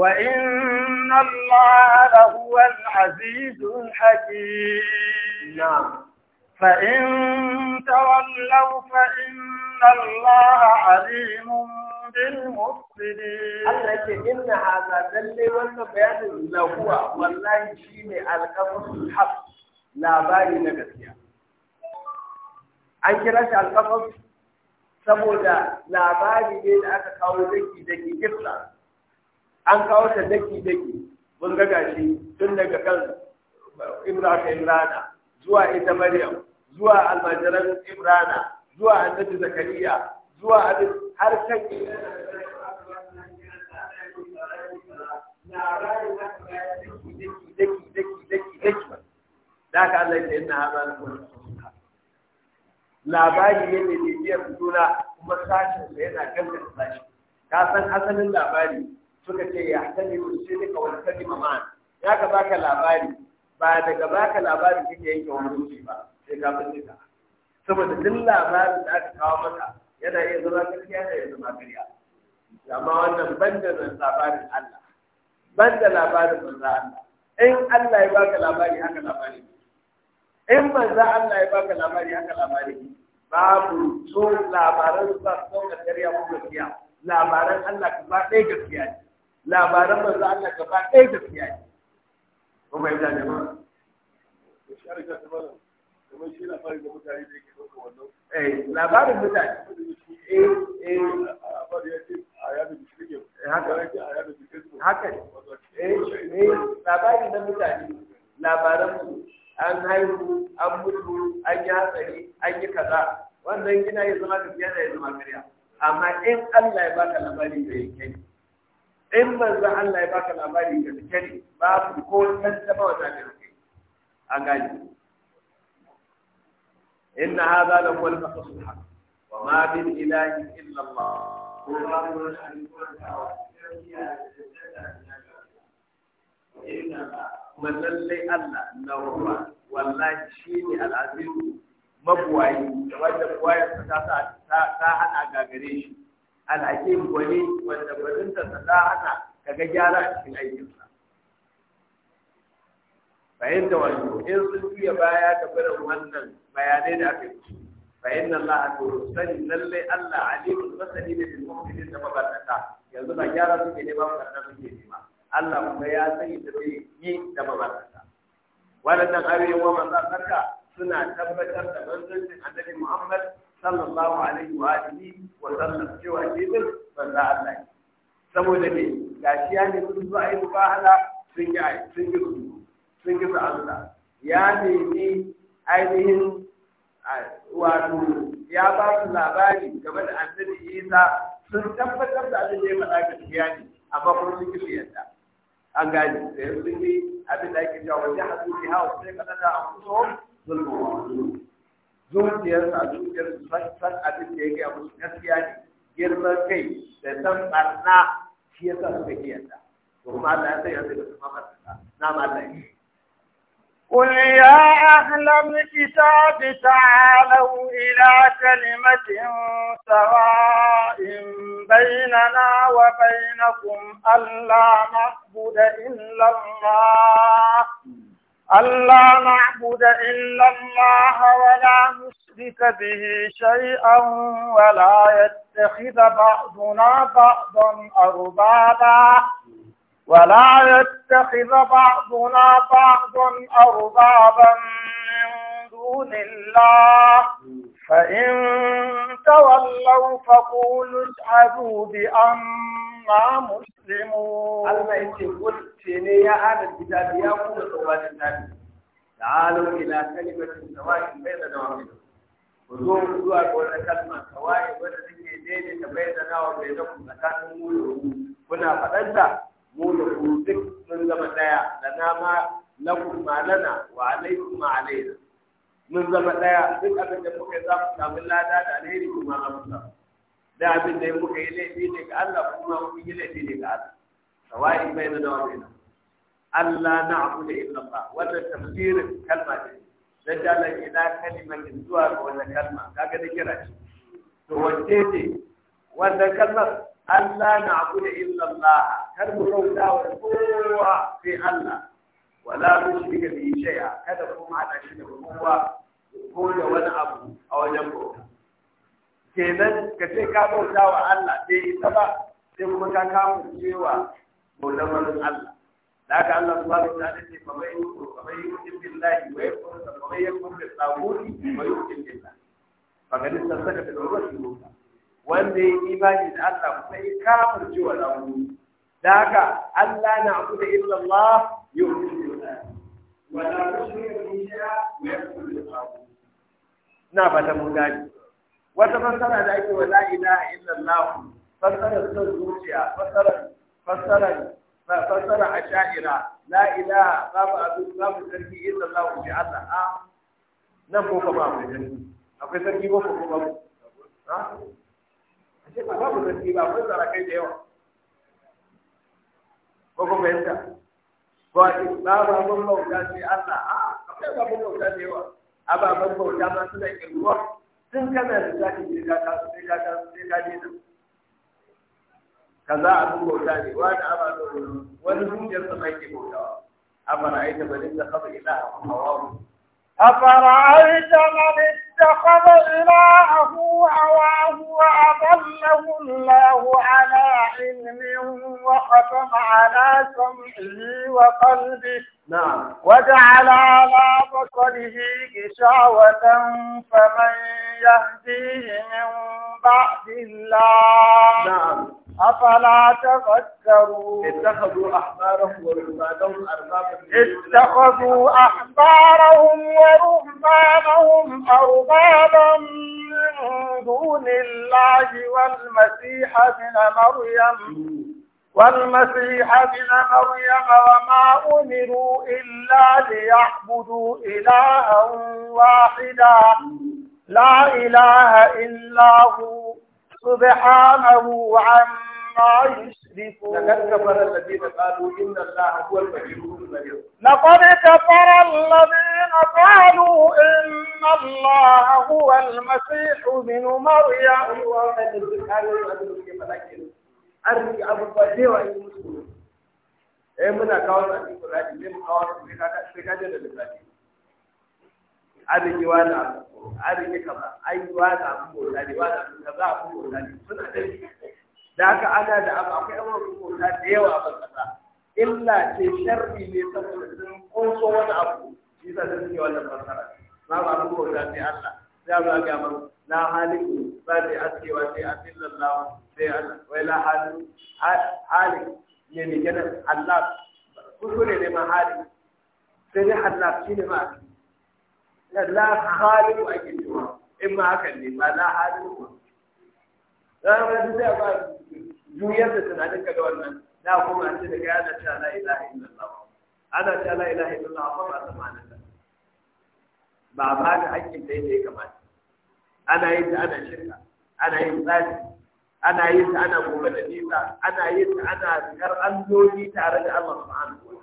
Speaker 3: وإن الله لهو العزيز الحكيم فإن تولوا فإن الله عليم Allah ke inna haza lalle wannan bayanin lahuwa wallahi
Speaker 1: shine alqabul haq labari na gaskiya an kira shi alqabul saboda labari ne da aka kawo daki daki kisa an kawo ta daki daki mun ga gashi tun daga kan imrata imrana zuwa ita maryam zuwa almajiran imrana zuwa annabi zakariya zuwa har kan daki daki daki daki da ka Allah ya inna hada labari ne da juna kuma sashin da yana gaskata sashi ka san asalin labari suka ce ya tani sai ne kawai tani maman ya ka baka labari ba daga baka labari kake yanke wani zuci ba sai ka fi ka saboda duk labarin da aka kawo maka yana iya zama gaskiya da ya zama ƙarya amma wannan banda da labarin Allah banda labarin manzo Allah in Allah ya baka labari haka labari in manzo Allah ya baka labari haka labari babu so labaran su ba su ƙarya ko gaskiya labaran Allah ba ɗaya gaskiya ne labaran manzo Allah gaba ɗaya gaskiya ne ko bai da jama'a Eh, labarin mutane. Eh, eh. Haka ne. Eh, eh, labarin na mutane. Labaran su an haihu, an mutu, an yi hatsari, an yi kaza. Wannan gina ya zama fiye da ya zama karya. Amma in Allah ya baka labari da yake ne. in manzo Allah ya baka labari ga ba babu ko tantama wata ne kai an gani inna hadha la huwa al haq wa ma min ilahin illa Allah kuma lallai Allah na ruwa wallahi shi ne al'azizu ta gagare shi alhakim gwani wanda gwaninta ta ta ka ga gyara a cikin aikinsa bayan da wani in sun juya baya ga barin wannan bayanai da aka yi bayan nan a to sani lallai Allah alimul masani ne bil mu'minin da mabarata yanzu ba gyara suke ne ba mabarkata suke ne ba Allah kuma ya sani da bai yi da mabarkata waɗannan ayoyin wa manzon suna tabbatar da manzancin annabi Muhammad sallallahu alaihi wa alihi wa sallam cewa shi din banza Allah ne saboda me gashi ya ne sun a yi mubahala sun yi sun yi su sun yi Allah ya nemi ainihin wato ya ba su labari game da annabi Isa sun tabbatar da abin da ya faɗa gaskiya ne amma kuma sun kishi yadda an gane sai sun yi abin da ake cewa wajen hasu ne hawa sai kaɗan da an kusa zulmuwa
Speaker 3: zuciyarsa
Speaker 1: a zuciyarsa san san abin da ya gaya musu gaskiya ne girman kai da san barna shi ya sa suka kiyanta to kuma Allah ya san yanzu da kuma barna na ma ya
Speaker 3: قل يا أهل الكتاب تعالوا إلى كلمة سواء بيننا وبينكم ألا نعبد إلا الله ألا نعبد إلا الله ولا نشرك به شيئا ولا يتخذ بعضنا بعضا أربابا ولا يتخذ بعضنا بعضا أربابا من دون الله فإن تولوا فقولوا اشهدوا بأن kunna muslimun Allah yace wacce ne ya hada kitabi ya kuma
Speaker 1: tsobatin tabi ta'alu ila kalimatin sawa'in bayna dawami ku zo ku zuwa ga wata kalma sawa'in wanda take daidaita bayna nawa bai da kuma tsakanin mu da ku kuna faɗanta mu da ku duk mun zama daya da na ma lakum ma lana wa alaikum ma alaina mun zama daya duk abin da muka yi za mu samu lada da alheri kuma a mu da abin da ya muka yi laifi ne ga Allah kuma mun yi laifi ne ga Allah sawai bai da dawa bai Allah na abu da illa Allah wannan tafsirin kalma ne da dalan ila din zuwa ga wannan kalma kaga da kira shi. to wace ce wanda kalmar Allah na abu da illa Allah kar mu bauta wa kowa sai Allah wala ga bi shay'a kada kuma hada shi da kowa ko da wani abu a wajen bauta
Speaker 2: kenan ka ce
Speaker 1: ka bauta wa Allah sai ita ba sai kuma ka kama cewa bautan wani Allah da aka Allah subhanahu da ta ce fa mai fa mai yu'min billahi wa yakfur fa mai da bi tawuti wa yu'min billahi ba ga nisa saka da ruwan wanda ya yi imani da Allah kuma ya kafir cewa tawuti da aka Allah na abu da illa Allah yu'min billahi wa la yi bihi shay'a yi yakfur bi tawuti na fata mun gani wata fassara da ake wa a ilaha illallah fassarar son zuciya fassarar fassarar a asha'ira la ilaha babu abin babu sarki illallah bi Allah a ah, nan ko kuma akwai sarki akwai sarki ko kuma babu A ce ba babu sarki ba akwai kai da yawa ko kuma fahimta ko a ce babu abin bauta sai Allah a ah, akwai babun bauta da yawa A ban bauta ma suna kirkuwa sun kana da zaki ne ka ka sai ka ka sai ka nan kaza abin bauta ne wani da wani hujjar sa mai ke bautawa amma ra'aita balin da kaba ila hawa
Speaker 3: أفرأيت من اتخذ إلهه هواه وأضله الله على علم وختم على سمعه وقلبه نعم
Speaker 1: وجعل على
Speaker 3: بصره غشاوة فمن يهديه من بعد الله نعم أفلا تذكرون اتخذوا أحبارهم ورهبانهم أربابا اتخذوا أحبارهم ورهبانهم أربابا من دون الله والمسيح ابن مريم والمسيح ابن مريم وما أمروا إلا ليعبدوا إلها واحدا لا إله إلا هو سبحانه عما عما يشركون لقد
Speaker 1: كفر الذين
Speaker 3: قالوا إن الله هو المسيح المريم مريم arziki sai wani
Speaker 1: abu arziki kaza ai wani abu kurani wani abu kaza abu kurani suna da da aka ana da abu akwai abubuwan rubuta da yawa a kasa illa ce sharri ne saboda sun kunso wani abu shi sa sun ce wannan fassara ba ba rubuta sai Allah sai Allah ga mu la haliku ba sai askewa sai asillallahu sai Allah wai la haliku halik ne ne gidan Allah kuskure ne ma hali sai ne Allah shi ne ma la haliku a cewa in ma hakan ne ba la haliku ranar da zai ba juyar da tunanin ka ga wannan da kuma an ce daga yana cewa la ilaha illallah ana cewa la ilaha illallah amma ba ta ma'anar ta ba ba da hakkin da yake kamata ana yin ta ana shirka ana yin tsari ana yin ta ana gobe da nisa ana yin ta ana kar alloli tare da Allah subhanahu wa ta'ala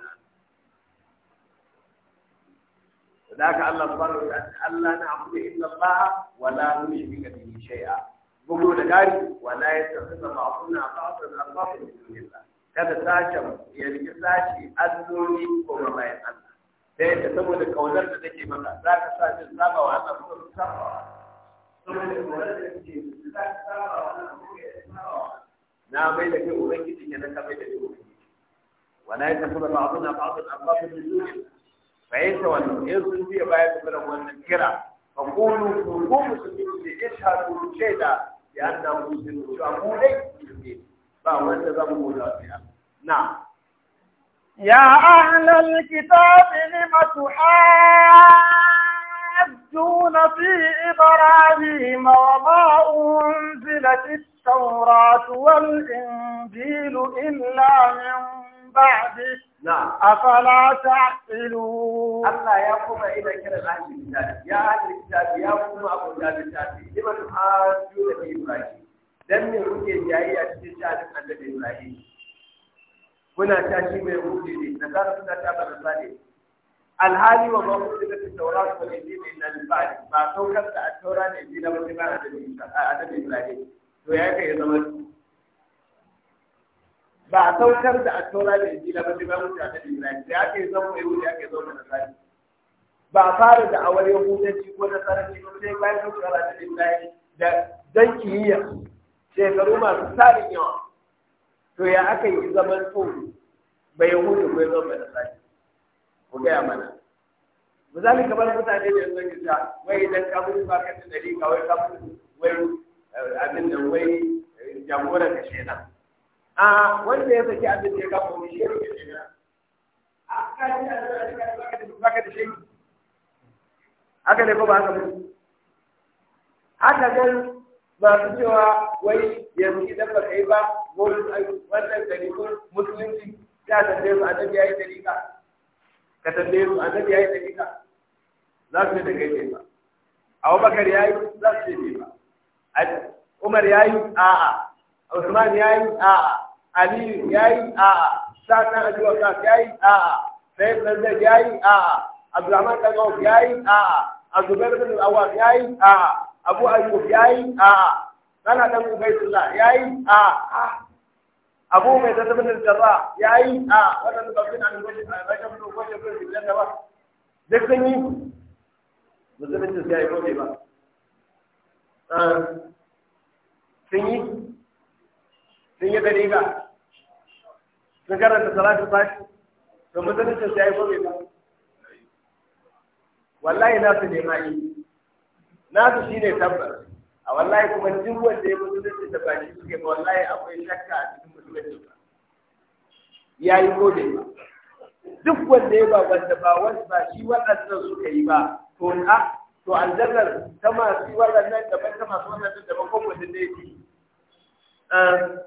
Speaker 1: ذاك الله سبحانه وتعالى لا نعبد الا الله ولا نشرك به shaya. bugu da gari wala ya tafi sa a kuna da. alfafin bismillah kada sashen ya riki sashi alloli ko bayan Allah
Speaker 2: sai da saboda kaunar da
Speaker 1: take maka za ka sa shi saba wa Allah ko saba wa saboda kaunar da take za ka saba da da نعم
Speaker 3: يا أهل الكتاب لم تحاجون في إبراهيم وما أنزلت التوراة والإنجيل إلا من ba'di na'am afala ta'qilu
Speaker 1: Allah ya koma ina kira da ahli ya ahli kitab ya kuma abu da da tafi liman hajju da ibrahim dan me ruke jayya cikin tafi da ibrahim
Speaker 2: kuna ta shi mai ruke
Speaker 1: ne da zaka kuna ta ba da alhali wa ma kuma da tawrat ko injili na ibrahim ba saukar da tawrat ne da ibrahim da ibrahim to ya kai zaman ba a saukar da a tura da injila ba sai ba mutu da ibrahim da ke zama mai wuce ake zama da tsari ba a fara da awar yahudanci ko na sarari ba sai bayan mutu da injila da dan kiyiyya shekaru masu tsarin yawa to ya aka yi zaman to ba ya yahudu ko ya zama da sani ku gaya mana misali kamar mutane da yanzu kita wai idan ka mutu ba ka tunani ka wai ka mutu wai eh, abin da wai eh, jamhuriyar ka shenan a wanda ya saki abin da ya kama wani shi ya rufe shi a kaji a da shi haka ne ko ba
Speaker 3: haka ba haka nan
Speaker 1: masu cewa wai yanzu idan ba kai ba gurin wannan dalilin musulunci ya tambaye su ya yi dalika ka tambaye su ya yi dalika za su da kai ba A Abubakar yayi za su yi ba Umar ya yi? a'a Usman ya yi? a'a aliyu ya yi a'a sa'an abu waqas ya yi a'a sai zanda ya yi a'a abdurrahman dan auf ya yi a'a azubair bin awwam ya yi a'a abu ayyub ya yi a'a sana dan ubaydullah ya yi a. abu mai zata bin jarra ya yi a'a wannan ba bin an goshi ba ta bin goshi bin da ba duk sun yi musulunci sai ya yi gobe ba sun yi sun yi ba sun karanta salatu fashi to musulunci sai ya yi kome ba wallahi nasu ne ma yi nasu shi ne tabbas a wallahi kuma duk wanda ya musulunci da ba shi suke ba wallahi akwai shakka a cikin musulunci ba ya yi kome ba duk wanda ya ba wanda ba wanda ba shi waɗannan suka yi ba to a to aljannar ta masu waɗannan daban ta masu waɗannan daban ko da ne ke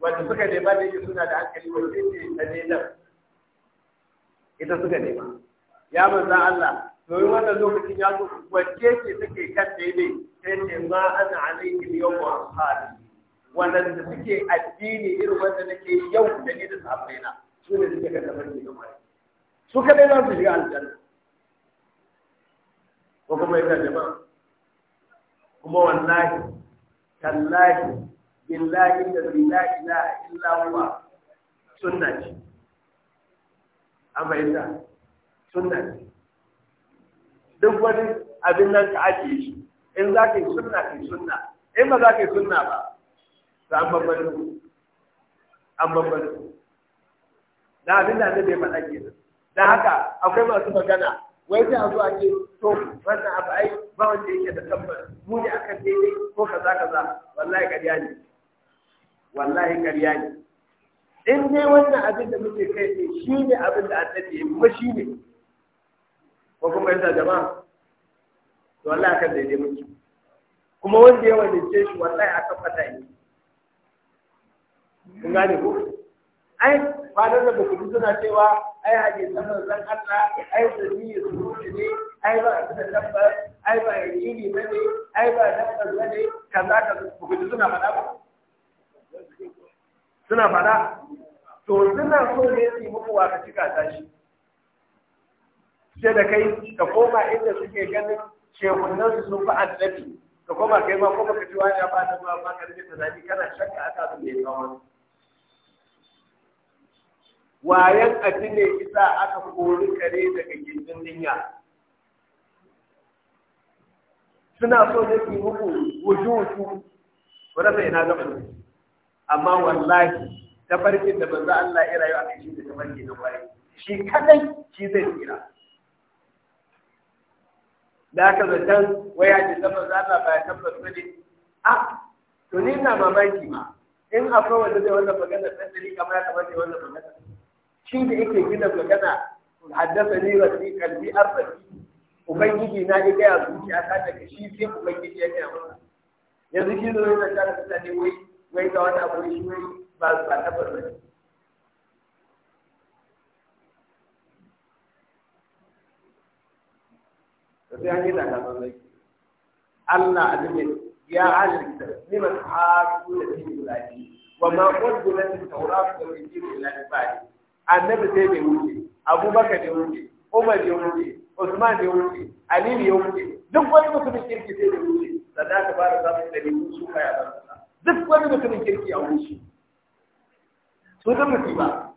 Speaker 1: wanda suka nema da yake suna da hankali wanda yake da neman ita suka nema ya manza Allah domin wannan lokacin ya zo wacce ce take kan daidai sai ce ma ana alaikin yau wa Wannan wanda suke addini irin wanda nake yau da ni da safaina su ne suke kan tafarki da mai su kadai za su shiga aljanna ko kuma ita jama'a kuma wallahi tallahi billahi da billahi la illa huwa sunna ce an fahimta sunna ce duk wani abin nan ka ake shi in za ka yi sunna ka yi sunna in ba za ka yi sunna ba to an babbar an babbar da abin da annabi ya faɗa kenan da haka akwai masu magana wai sai a zo a ce to wannan abu ai ba wanda yake da tabbas mu ne akan daidai ko kaza kaza wallahi ƙarya ne wallahi ƙarya ne in dai wannan abin da muke kai ne shi ne abin da an ya kuma shi ne ko kuma yasa jama'a to wallahi kan daidai muke kuma wanda ya wadance shi wallahi aka fata ne kun gane ko ai fadar da bukutu suna cewa ai saman zan Allah ai sunni sunni ne ai ba da dabbar ai ba yi ne ai ba dabbar ne kaza ka bukutu suna faɗa ba suna fada to suna so ne su yi muku ka cika tashi sai da kai ka koma inda suke ganin shekunan su sun fi annabi ka koma kai ma kuma ka ci wani ba ta zuwa, ba ka rike tunani kana shakka aka su ne ya kawo wayan addini ne isa aka kori kare daga gindin dunya
Speaker 3: suna so ne su yi muku wujudu
Speaker 1: ku rasa ina gaba da amma wallahi tafarkin da manzo Allah ya rayu a cikin shi da tafarki na kwarai shi kadai shi zai tsira da aka zaton waya ce ta manzo Allah ba ya tabbas ne a to ni na mamaki ma in akwai wanda zai wannan magana san dari kamar ya kamar wannan magana shi da yake gina magana haddasa ni rasi kalbi arzaki ubangiji na ya gaya zuciya ta daga shi sai ubangiji ya gaya mana yanzu shi na yana tare da mutane wai wai ga wani abu shi ba ba na barbari to sai an yi zai Allah alimin ya halitta liman haku da fi gulaji wa ma qaddalat tawratu wa injil ila ibadi annabi sai bai wuce abubakar ya wuce umar ya wuce Usman ya wuce, Aliyu ya wuce, duk wani mutumin kirki sai da wuce, sannan aka fara samun ɗari su kaya ba. duk wani mutumin kirki a wurin shi su zan mutu ba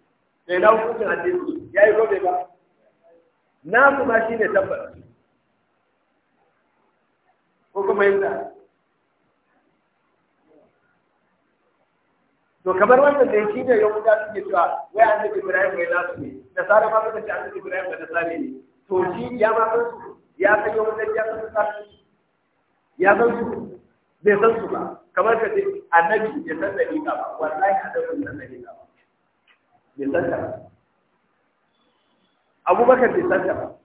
Speaker 1: da yana hukuncin hadisi ya yi robe ba na kuma shi ne tabbas ko kuma yin to kamar wannan da shi ne yahuda suke cewa wai annabi ibrahim mai nasu ne da sara ma suka ce annabi ibrahim da nasare ne to shi ya ma san su ya san yahuda ya san su ya san su bai san su ba kamar ka ce annabi ya san da ita ba wallahi annabi san da ita ba bai san ta ba abubakar bai san ta ba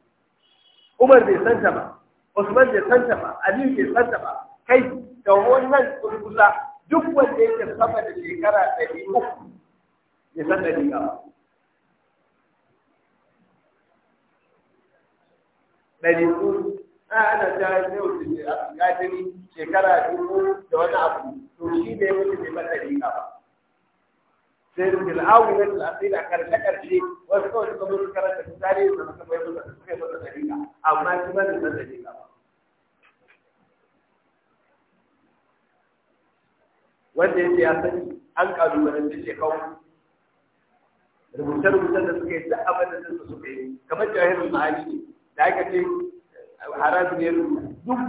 Speaker 1: umar bai san ta ba usman bai san ta ba aliyu bai san ta ba kai da wannan kurkusa duk wanda yake sama da shekara ɗari uku bai san da ita ba ɗari uku Ah, ana ta yi mutu ya jini shekara dubu da wani abu to shi ne mutu bai masa riga ba
Speaker 2: sai da bil'awu na
Speaker 1: tsafi na karshe karshe wasu kawai suka mutu karanta su tare da suka bai masa suka yi masa riga amma shi ma bai masa riga ba wanda ya ce ya sani an kalubalance shekaru rubuce-rubucen da suka yi duk abin da suka yi kamar jahilin ma'ani ne da aka ce haras ne duk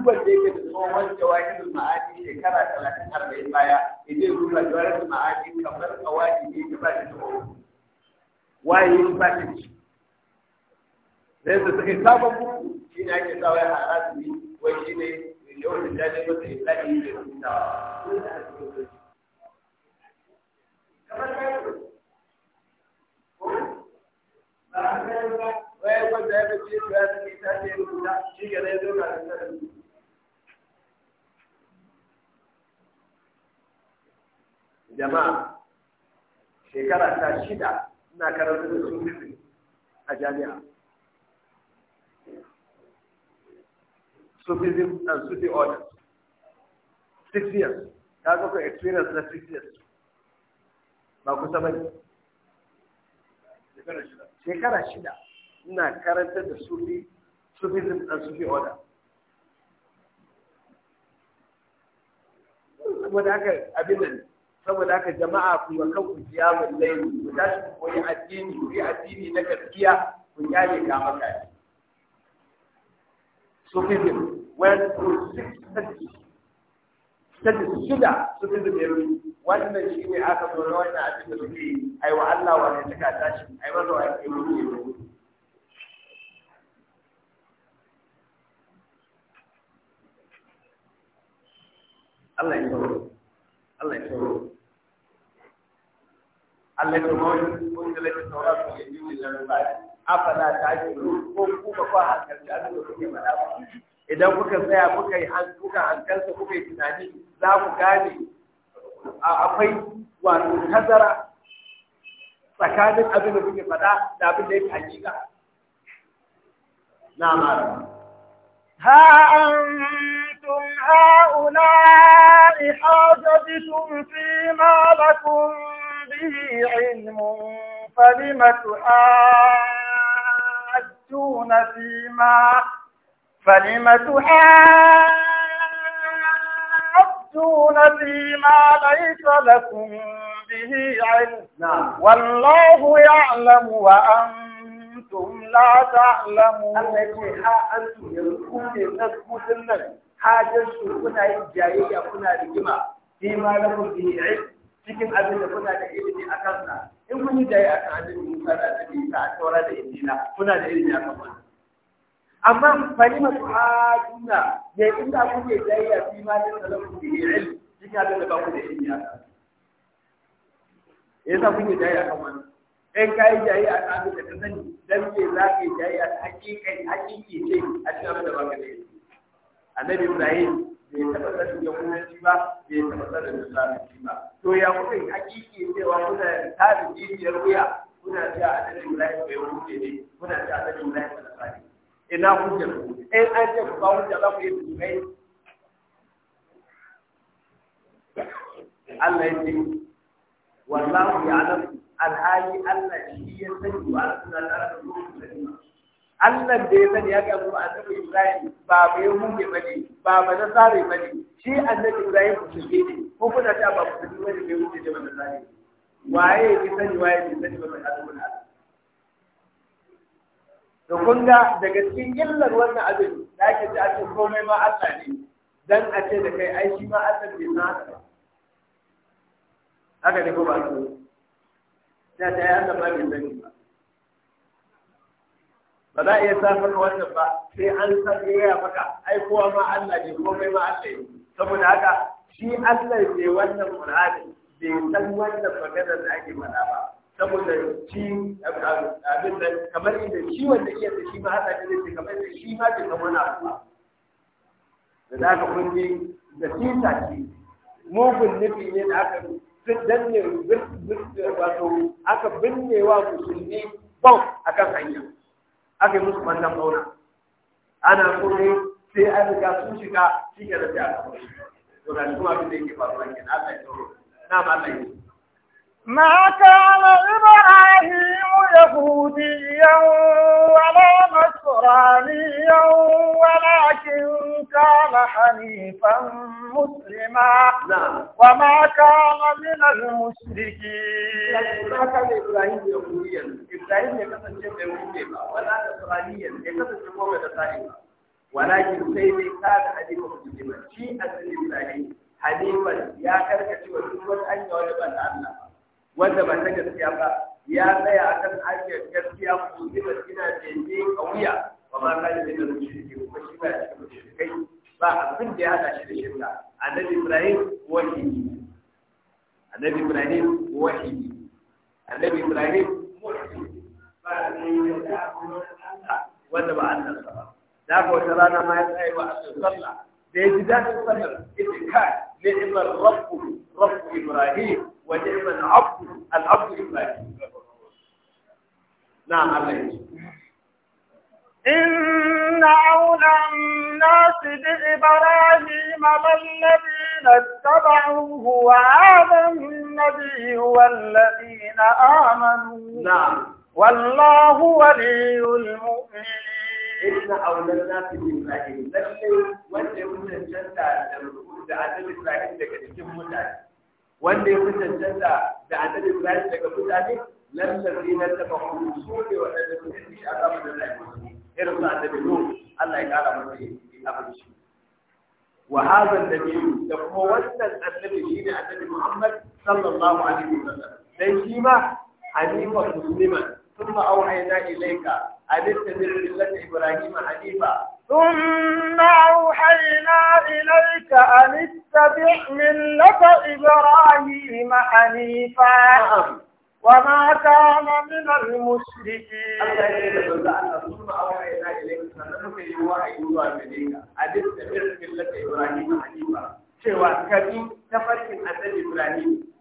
Speaker 1: wanda yake da tsohon jawahir ma'adi shekara talatin arba'in baya idan jawahir ma'adi kamar kawai ne da ba shi tsoho waye ba shi sai buku shi ne ake sa wai haras ne wai shi ne yau da jani da
Speaker 3: Thank you. bayan kwanta ya
Speaker 1: ya ta ce rubuta shi ga ya zo jama'a shekara ta shida ina karanta da su a jami'a Sufism and Sufi orders. Six years. Ta experience na six years. Ba kusa ba ne. Shekara shida. suna karanta da sufi sufism ɗan sufi order saboda haka abin saboda haka jama'a ku yi kanku kiyamun laili ku tashi ku koyi addini ku yi addini na gaskiya ku kyale ka maka sufism went through six stages stages shida sufism ya rubuta wannan shi ne aka zo na wannan abin da suke yi ai wa Allah wa ne suka tashi ai mazo ai ke mutu Allah ya sauro Allah ya sauro Allah ya sauro kun da lafi saura su ya yi lillahi ba afala ta ji ko kuma ko hankalci an zo kuke faɗa ba idan kuka tsaya kuka yi kuka hankalta kuka yi tunani za ku gane akwai wato tazara tsakanin abin da kuke faɗa da abin da yake hakika
Speaker 3: na mara ها أنتم هؤلاء حاجدتم فيما لكم به علم فلم تحاجون فيما فلم تحاجون فيما ليس لكم به علم نعم. والله يعلم وأنتم antum la ta'lamu Allah ce ha antum yanzu ku ne na kudin nan hajar su kuna yin
Speaker 1: jayayya kuna rigima fi ma lakum bihi cikin abin da kuna da ilimi a kansa in kun yi jayayya a kan annabi Musa da annabi Isa a taura da injila kuna da ilimi a kan wannan amma kalima tuhaduna ya inda kuke jayayya fi ma lakum lakum bihi ilm cikin abin da ba ku da ilimi a kansa
Speaker 2: yasa kuke jayayya a
Speaker 1: kan wannan in ka yi jayi a abin da ka sani dan me za ka yi jayi a hakikai hakiki ce a cikin abin da ba ka da yanzu annabi ibrahim bai taɓa sanin yahudanci ba bai taɓa sanin musulunci ba to ya kuka yi hakiki cewa kuna tarin jijiyar wuya kuna cewa annabi ibrahim bai wuce ne kuna cewa annabi ibrahim ba nasari ina hujjar ku in eh, an ce ku ba hujja ba ku yi musulmai Allah ya ce wallahu alamu alhali Allah shi ya sani wa suna tare da ruwan salima Allah da ya sani ya ga mu annabi Ibrahim ba ba ya hunge bane ba ba na sare bane shi annabi Ibrahim musulmi ne ko kuna ta ba musulmi wani mai hunge da manzon Allah waye ya fi sani waye ya sani ba mai alƙur'ani da kun ga daga cikin illar wannan abin da ake ce a ce komai ma Allah ne dan a ce da kai ai shi ma Allah bai san haka ba haka ne ko ba su da ta ya zama bai sani ba ba za a iya samar wannan ba sai an san ya maka ai kowa ma Allah ne komai ma Allah ne saboda haka shi Allah ne wannan Qur'ani bai san wannan magana da ake mana ba saboda shi abin da kamar inda shi wanda iya da shi ma hada ne da kamar inda shi ma bai san wani abu da za ka kunje da sisa ce mugun nufi ne da aka sun danne wato aka binne wa musulmi bom a kan hanya aka yi musu wannan bauna ana so ne sai an riga sun shiga shi ke da sai a kawai to da shi kuma abin da yake faruwa ke na Allah ya tsoro na ma Allah ya tsoro
Speaker 3: ما كان إبراهيم يهوديا ولا نصرانيا ولكن كان حنيفا مسلما نعم. وما كان من المشركين. ما كان إبراهيم يهوديا، إبراهيم يكتب يهوديا ولا نصرانيا
Speaker 1: يكتب يهوديا ولكن سيدي كان حنيفا مسلما، شيء أسلم عليه حنيفا يا كركتي وشوفوا أن يولد الله. wanda ba ta gaskiya ba ya tsaya a kan hanyar gaskiya ko zina ina jeje a wuya ba ma kan da mushriki kuma shi ba shi mushrikai ba abin da ya hada shi da ba, annabi ibrahim wahidi annabi ibrahim wahidi annabi ibrahim muhsin ba da wanda ba Allah ba da ko wata rana ma ya tsaya wa sallah da ya ji dadin sallar ita kai ne imar rabbu rabbu ibrahim ودائما العبد العبد الباقي نعم عليك
Speaker 3: إن أولى الناس بإبراهيم للذين اتبعوه وهذا النبي والذين آمنوا نعم والله ولي المؤمنين إن أولى الناس بإبراهيم للذين اتبعوه من الجنة والذين
Speaker 1: آمنوا إبراهيم لك تكون wanda ya fi da annabi Ibrahim daga mutane lallabi na taba kuma So ne waɗanda su ne shi a zama da rayuwa irin su annabi Nuh Allah ya kara masa abinci wa hadha an da kuma wannan annabi shine annabi Muhammad sallallahu alaihi wasallam dan shi ma hanifa musliman thumma awhayna ilayka an tattabi millata ibrahima hanifa
Speaker 3: ثم أوحينا إليك أن اتبع ملة إبراهيم حنيفا نعم. وما كان من المشركين. ثم أوحينا
Speaker 1: إليك أن اتبع ملة إبراهيم حنيفا.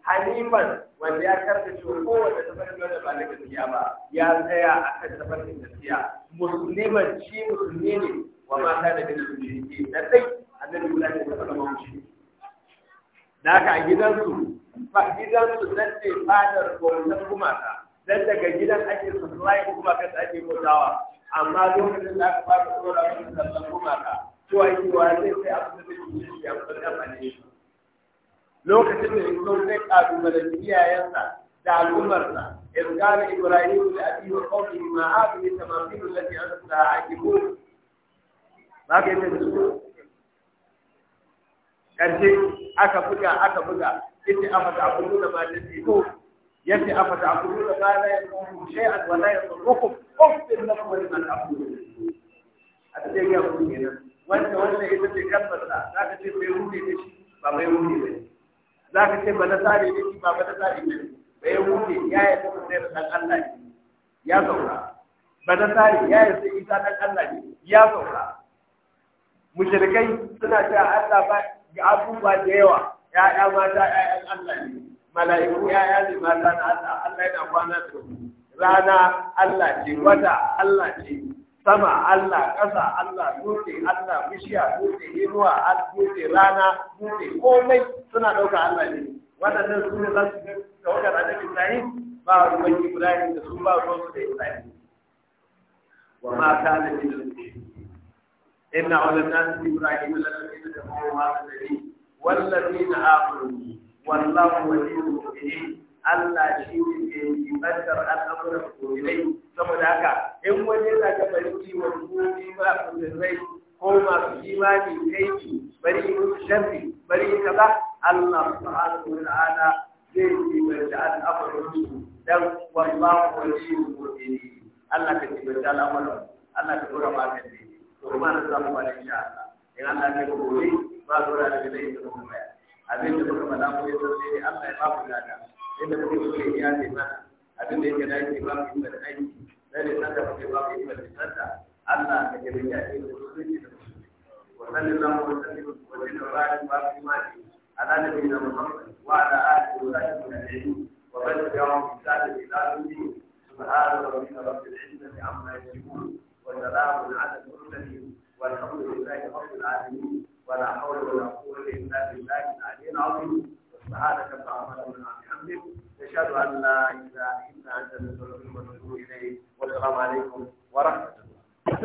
Speaker 1: haliman wanda ya karkace kowace ko wanda ba na gaskiya ba ya tsaya a kan tafarkin gaskiya musulman shi musulmi ne wa mata da gani ne da sai annabi guda ne ta zama da ka a gidansu fa gidansu nan ce fadar gwamnatin ta dan daga gidan ake supply kuma kan ake motawa amma lokacin da aka fara tsora su sallan ta to ake wa zai sai abu da zai yi shi a kudin amfani lokacin da yanzu zai kalubalanci iyayensa da al'ummarsa in gane ibrahim da abi wa qawli ma hadi min tamathil allati anta Ba zaka yi da su karshe aka buga aka buga yace afa ta abu da ba da to yace a ta abudu da ma
Speaker 3: la a shay'an ya la yadurrukum
Speaker 1: uftin lakum kuma liman aqulu a cikin yau kenan wanda wannan ita ce kalmar sa zaka ce bai ruhi da shi ba bai ruhi shi. za ka ce ba na sare ne ba ba na sare ne ba ya wuce ya yi ta sai da Allah ne ya saura. ba na sare ya yi sai isa da Allah ne ya saura. mushrikai suna cewa Allah ba ga abubuwa da yawa ya'ya mata ya'yan Allah ne mala'iku ya ne mata na Allah Allah yana kwana da rana Allah ce wata Allah ce sama Allah ƙasa Allah dutse Allah bishiya dutse inuwa al dutse rana dutse komai suna ɗauka Allah ne waɗannan su ne zasu su ga wajen annabi Ibrahim ba ruwan Ibrahim da su ba ruwan su da Ibrahim wa ma kana min al-mushrikin inna ala nas Ibrahim alladhina yad'una ma al-ladhi wal ladina amanu wallahu waliyul mu'minin Allah shi ne ke yi libantar al'amuran kogirai saboda haka in wani yana ta fahimci wa kogi ba kogirai ko masu imani kai bari yi musu sharri bari yi kaza Allah subhanahu wa ta'ala zai yi libanta al'amuran su dan shi ne waliyul mu'minin Allah ka libanta al'amuran Allah ka dora ma ka ne to kuma na samu ba insha Allah in Allah ne ko ne ba dora da zai yi kuma abin da kuma faɗa mu yau sai Allah ya ba mu gada inda muke so ya ce mana abin da yake da yake ba mu yi aiki da ne sanda muke ba mu yi sanda Allah ka jira ya ce mu so ki da su wa sallallahu wa sallam wa sallam wa sallam ala nabiyina muhammad wa ala alihi wa sahbihi wa man tabi'ahum bi da ila yawm الدين سبحان ربك رب العزة عما يصفون وسلام على المرسلين والحمد لله رب العالمين ولا حول ولا قوة إلا بالله العلي العظيم سبحانك اللهم ربنا وبحمدك نشهد ان لا اله الا انت نستغفرك ونتوب اليك والسلام عليكم ورحمه الله